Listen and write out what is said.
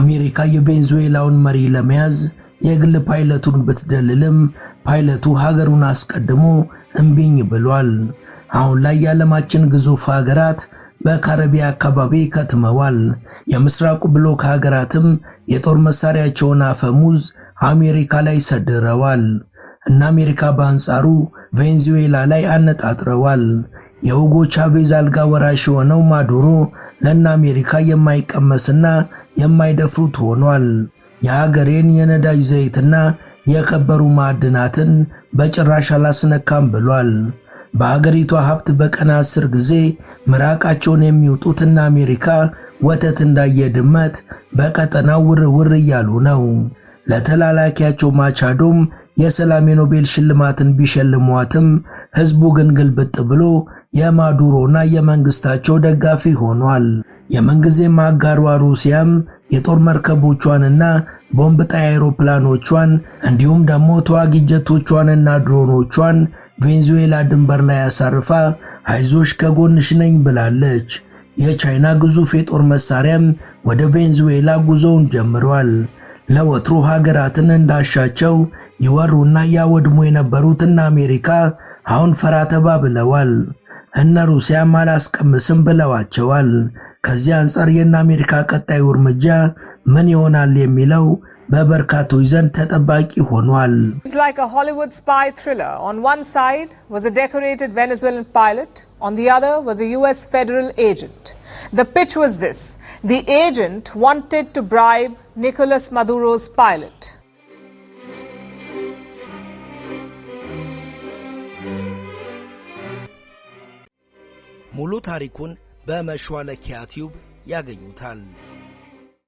አሜሪካ የቬንዙዌላውን መሪ ለመያዝ የግል ፓይለቱን ብትደልልም ፓይለቱ ሀገሩን አስቀድሞ እምቢኝ ብሏል። አሁን ላይ የዓለማችን ግዙፍ ሀገራት በካረቢያ አካባቢ ከትመዋል። የምስራቁ ብሎክ ሀገራትም የጦር መሳሪያቸውን አፈሙዝ አሜሪካ ላይ ሰድረዋል እና አሜሪካ በአንጻሩ ቬንዙዌላ ላይ አነጣጥረዋል። የሁጎ ቻቬዝ አልጋ ወራሽ የሆነው ማዱሮ ለእነ አሜሪካ የማይቀመስና የማይደፍሩት ሆኗል። የሀገሬን የነዳጅ ዘይትና የከበሩ ማዕድናትን በጭራሽ አላስነካም ብሏል። በሀገሪቷ ሀብት በቀን አስር ጊዜ ምራቃቸውን የሚውጡትና አሜሪካ ወተት እንዳየ ድመት በቀጠናው ውርውር እያሉ ነው። ለተላላኪያቸው ማቻዶም የሰላም የኖቤል ሽልማትን ቢሸልሟትም ሕዝቡ ግን ግልብጥ ብሎ የማዱሮና የመንግስታቸው ደጋፊ ሆኗል። የምንጊዜም አጋሯ ሩሲያም የጦር መርከቦቿንና ቦምብ ጣይ አይሮፕላኖቿን እንዲሁም ደግሞ ተዋጊ ጀቶቿንና ድሮኖቿን ቬንዙዌላ ድንበር ላይ አሳርፋ አይዞሽ ከጎንሽ ነኝ ብላለች። የቻይና ግዙፍ የጦር መሳሪያም ወደ ቬንዙዌላ ጉዞውን ጀምሯል። ለወትሮ ሀገራትን እንዳሻቸው ይወሩና ያወድሙ የነበሩትና አሜሪካ አሁን ፈራተባ ብለዋል። እነ ሩሲያም አላስቀምስም ብለዋቸዋል። ከዚህ አንጻር የእነ አሜሪካ ቀጣዩ እርምጃ ምን ይሆናል የሚለው በበርካቶች ዘንድ ተጠባቂ ሆኗል። ኒኮላስ ማዱሮስ ፓይለት ሙሉ ታሪኩን በመሿለኪያ ቲዩብ ያገኙታል።